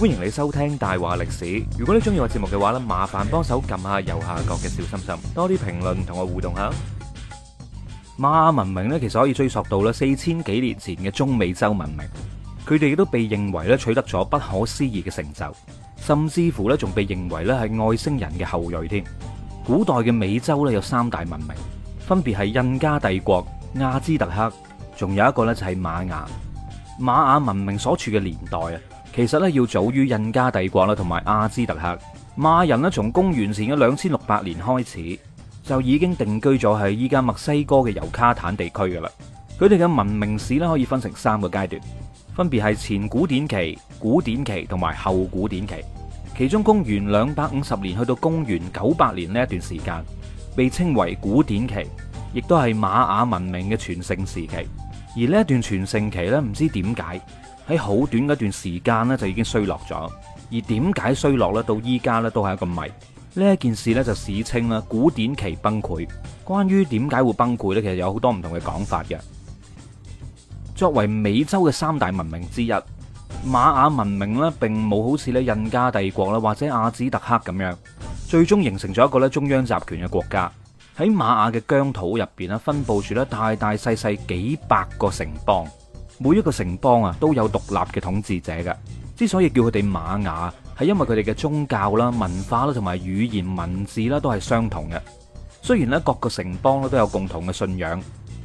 歡迎你收聽大話歷史。如果你中意我節目嘅話咧，麻煩幫手撳下右下角嘅小心心，多啲評論同我互動下。瑪雅文明咧，其實可以追溯到啦四千幾年前嘅中美洲文明，佢哋亦都被認為咧取得咗不可思議嘅成就，甚至乎咧仲被認為咧係外星人嘅後裔添。古代嘅美洲咧有三大文明，分別係印加帝國、阿茲特克，仲有一個咧就係瑪雅。瑪雅文明所處嘅年代啊。其實咧要早於印加帝國啦，同埋阿茲特克。瑪人咧從公元前嘅兩千六百年開始就已經定居咗喺依家墨西哥嘅尤卡坦地區噶啦。佢哋嘅文明史咧可以分成三個階段，分別係前古典期、古典期同埋後古典期。其中公元兩百五十年去到公元九百年呢一段時間，被稱為古典期，亦都係瑪雅文明嘅全盛時期。而呢一段全盛期咧，唔知點解。喺好短嗰段時間呢，就已經衰落咗。而點解衰落呢？到依家呢，都係一個謎。呢一件事呢，就史稱啦，古典期崩潰。關於點解會崩潰呢？其實有好多唔同嘅講法嘅。作為美洲嘅三大文明之一，瑪雅文明呢，並冇好似呢印加帝國啦或者阿茲特克咁樣，最終形成咗一個咧中央集權嘅國家。喺瑪雅嘅疆土入邊呢，分布住呢，大大細細幾百個城邦。每一個城邦啊都有獨立嘅統治者噶，之所以叫佢哋瑪雅，係因為佢哋嘅宗教啦、文化啦同埋語言文字啦都係相同嘅。雖然咧各個城邦咧都有共同嘅信仰，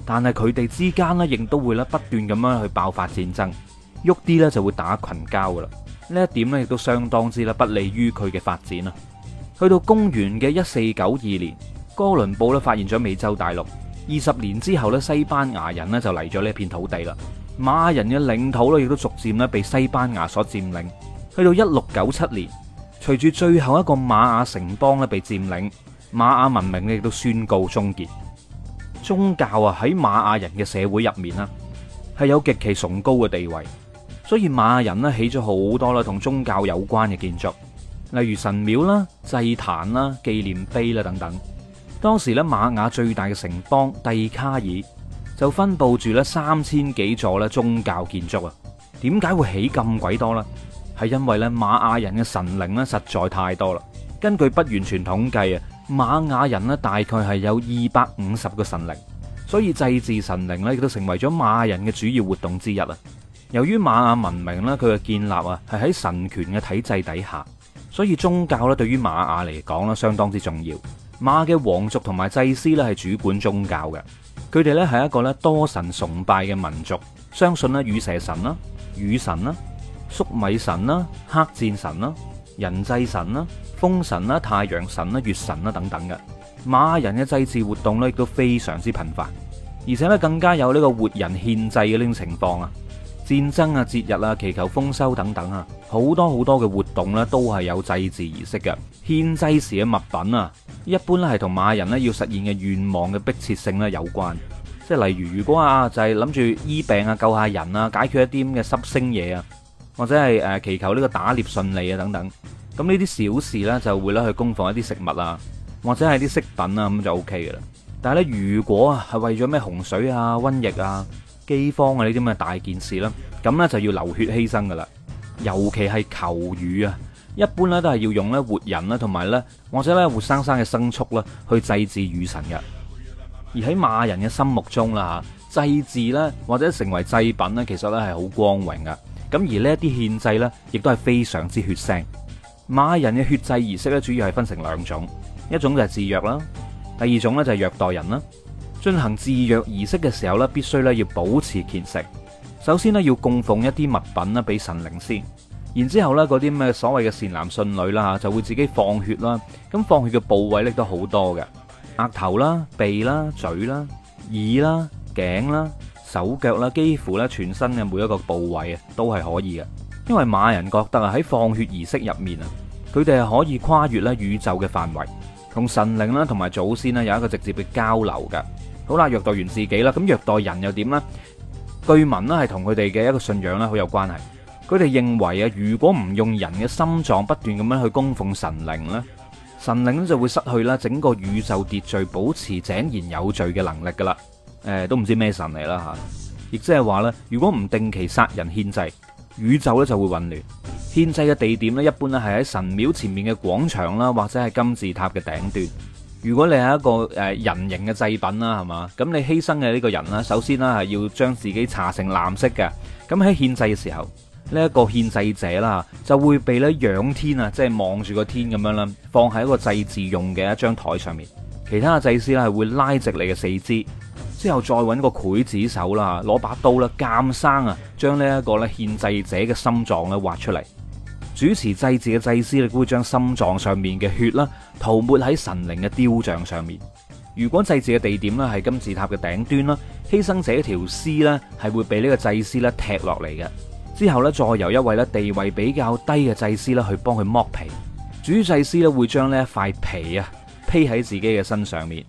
但係佢哋之間咧亦都會咧不斷咁樣去爆發戰爭，喐啲咧就會打群交噶啦。呢一點咧亦都相當之啦不利於佢嘅發展啦。去到公元嘅一四九二年，哥倫布咧發現咗美洲大陸，二十年之後咧西班牙人咧就嚟咗呢一片土地啦。瑪雅人嘅領土咧，亦都逐漸咧被西班牙所佔領。去到一六九七年，隨住最後一個瑪雅城邦咧被佔領，瑪雅文明亦都宣告終結。宗教啊喺瑪雅人嘅社會入面啦，係有極其崇高嘅地位，所以瑪雅人咧起咗好多啦同宗教有關嘅建築，例如神廟啦、祭壇啦、紀念碑啦等等。當時咧瑪雅最大嘅城邦蒂卡爾。就分布住咧三千幾座咧宗教建築啊？點解會起咁鬼多呢？係因為咧瑪雅人嘅神靈呢實在太多啦。根據不完全統計啊，瑪雅人呢大概係有二百五十個神靈，所以祭祀神靈咧亦都成為咗瑪雅人嘅主要活動之一啊。由於瑪雅文明咧佢嘅建立啊係喺神權嘅體制底下，所以宗教咧對於瑪雅嚟講呢相當之重要。瑪雅嘅皇族同埋祭司咧係主管宗教嘅。佢哋咧係一個咧多神崇拜嘅民族，相信咧羽蛇神啦、雨神啦、粟米神啦、黑戰神啦、人祭神啦、風神啦、太陽神啦、月神啦、等等嘅。瑪雅人嘅祭祀活動咧，亦都非常之頻繁，而且咧更加有呢個活人獻祭嘅呢種情況啊，戰爭啊、節日啦、祈求豐收等等啊，好多好多嘅活動咧都係有祭祀儀式嘅獻祭時嘅物品啊。一般咧係同馬人咧要實現嘅願望嘅迫切性咧有關，即係例如，如果啊就係諗住醫病啊、救下人啊、解決一啲咁嘅濕星嘢啊，或者係誒祈求呢個打獵順利啊等等，咁呢啲小事咧就會攞去供奉一啲食物啊，或者係啲飾品啊，咁就 O K 嘅啦。但係咧，如果啊係為咗咩洪水啊、瘟疫啊、饑荒啊呢啲咁嘅大件事咧，咁咧就要流血犧牲噶啦，尤其係求雨啊。一般咧都係要用咧活人啦，同埋咧或者咧活生生嘅牲畜啦去祭祀雨神嘅。而喺馬人嘅心目中啦，祭祀咧或者成為祭品咧，其實咧係好光榮嘅。咁而呢一啲獻祭咧，亦都係非常之血腥。馬人嘅血祭儀式咧，主要係分成兩種，一種就係自虐啦，第二種咧就係虐待人啦。進行自虐儀式嘅時候咧，必須咧要保持虔誠。首先咧要供奉一啲物品啦俾神靈先。然之後咧，嗰啲咩所謂嘅善男信女啦，就會自己放血啦。咁放血嘅部位咧都好多嘅，額頭啦、鼻啦、嘴啦、耳啦、頸啦、手腳啦，幾乎咧全身嘅每一個部位啊，都係可以嘅。因為馬人覺得啊，喺放血儀式入面啊，佢哋係可以跨越咧宇宙嘅範圍，同神靈啦、同埋祖先咧有一個直接嘅交流嘅。好啦，虐待完自己啦，咁虐待人又點呢？據聞呢，係同佢哋嘅一個信仰咧好有關係。佢哋認為啊，如果唔用人嘅心臟不斷咁樣去供奉神靈咧，神靈就會失去啦整個宇宙秩序保持井然有序嘅能力噶啦。誒，都唔知咩神嚟啦吓。亦即係話咧，如果唔定期殺人獻祭，宇宙咧就會混亂。獻祭嘅地點咧，一般咧係喺神廟前面嘅廣場啦，或者係金字塔嘅頂端。如果你係一個誒人形嘅祭品啦，係嘛？咁你犧牲嘅呢個人啦，首先啦係要將自己搽成藍色嘅。咁喺獻祭嘅時候，呢一個獻祭者啦，就會被咧仰天啊，即係望住個天咁樣啦，放喺一個祭祀用嘅一張台上面。其他嘅祭司咧係會拉直你嘅四肢，之後再揾個劊子手啦，攞把刀啦，監生啊，將呢一個咧獻祭者嘅心臟咧挖出嚟。主持祭祀嘅祭司咧會將心臟上面嘅血啦塗抹喺神靈嘅雕像上面。如果祭祀嘅地點咧係金字塔嘅頂端啦，犧牲者條屍咧係會被呢個祭司咧踢落嚟嘅。之後咧，再由一位咧地位比較低嘅祭司咧，去幫佢剝皮。主祭司咧會將呢一塊皮啊披喺自己嘅身上面，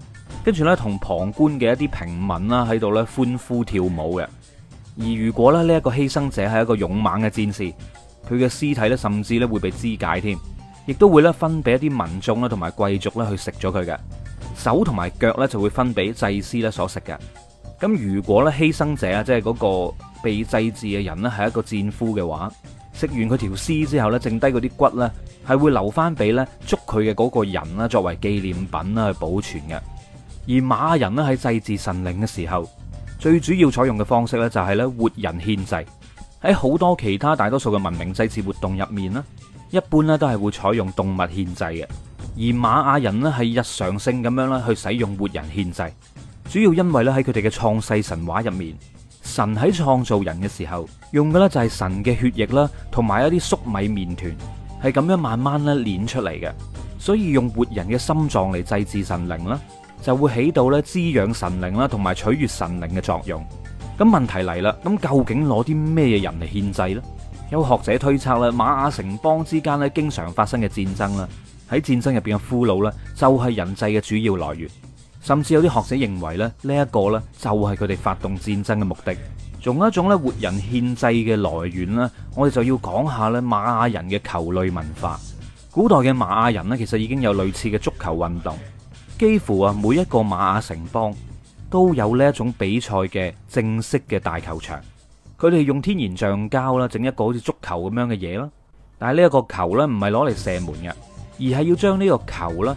跟住咧同旁觀嘅一啲平民啦喺度咧歡呼跳舞嘅。而如果咧呢一個犧牲者係一個勇猛嘅戰士，佢嘅屍體咧甚至咧會被肢解添，亦都會咧分俾一啲民眾啦同埋貴族咧去食咗。佢嘅手同埋腳咧就會分俾祭司咧所食嘅。咁如果咧犧牲者啊，即係嗰個被祭祀嘅人咧，係一個戰俘嘅話，食完佢條屍之後咧，剩低嗰啲骨咧，係會留翻俾咧捉佢嘅嗰個人啦，作為紀念品啦去保存嘅。而瑪雅人咧喺祭祀神靈嘅時候，最主要採用嘅方式咧就係咧活人獻祭。喺好多其他大多數嘅文明祭祀活動入面咧，一般咧都係會採用動物獻祭嘅。而瑪雅人咧係日常性咁樣咧去使用活人獻祭。主要因為咧喺佢哋嘅創世神話入面，神喺創造人嘅時候用嘅咧就係神嘅血液啦，同埋一啲粟米麵團係咁樣慢慢咧煉出嚟，嘅，所以用活人嘅心臟嚟祭祀神靈啦，就會起到咧滋養神靈啦，同埋取悅神靈嘅作用。咁問題嚟啦，咁究竟攞啲咩嘢人嚟獻祭呢？有學者推測啦，瑪雅城邦之間咧經常發生嘅戰爭啦，喺戰爭入邊嘅俘虜咧就係人祭嘅主要來源。甚至有啲學者認為咧，呢一個呢，就係佢哋發動戰爭嘅目的。仲有一種咧活人獻祭嘅來源呢，我哋就要講下咧瑪雅人嘅球類文化。古代嘅瑪雅人呢，其實已經有類似嘅足球運動。幾乎啊每一個瑪雅城邦都有呢一種比賽嘅正式嘅大球場。佢哋用天然橡膠啦整一個好似足球咁樣嘅嘢啦，但係呢一個球呢，唔係攞嚟射門嘅，而係要將呢個球呢。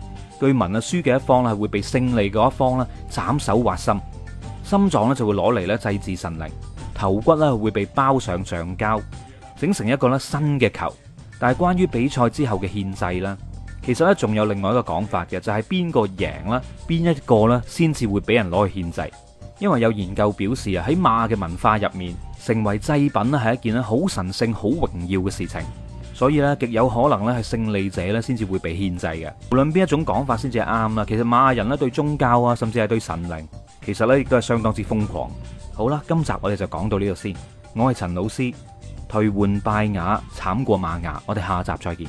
據聞啊，輸嘅一方咧係會被勝利嗰一方咧斬手挖心，心臟咧就會攞嚟咧祭祀神靈，頭骨咧會被包上橡膠，整成一個咧新嘅球。但係關於比賽之後嘅獻祭啦，其實咧仲有另外一個講法嘅，就係邊個贏啦，邊一個咧先至會俾人攞去獻祭。因為有研究表示啊，喺瑪雅嘅文化入面，成為祭品咧係一件咧好神聖、好榮耀嘅事情。所以咧，極有可能咧係勝利者咧先至會被獻祭嘅。無論邊一種講法先至係啱啦。其實瑪雅人咧對宗教啊，甚至係對神靈，其實咧亦都係相當之瘋狂。好啦，今集我哋就講到呢度先。我係陳老師，退換拜亞，慘過瑪雅。我哋下集再見。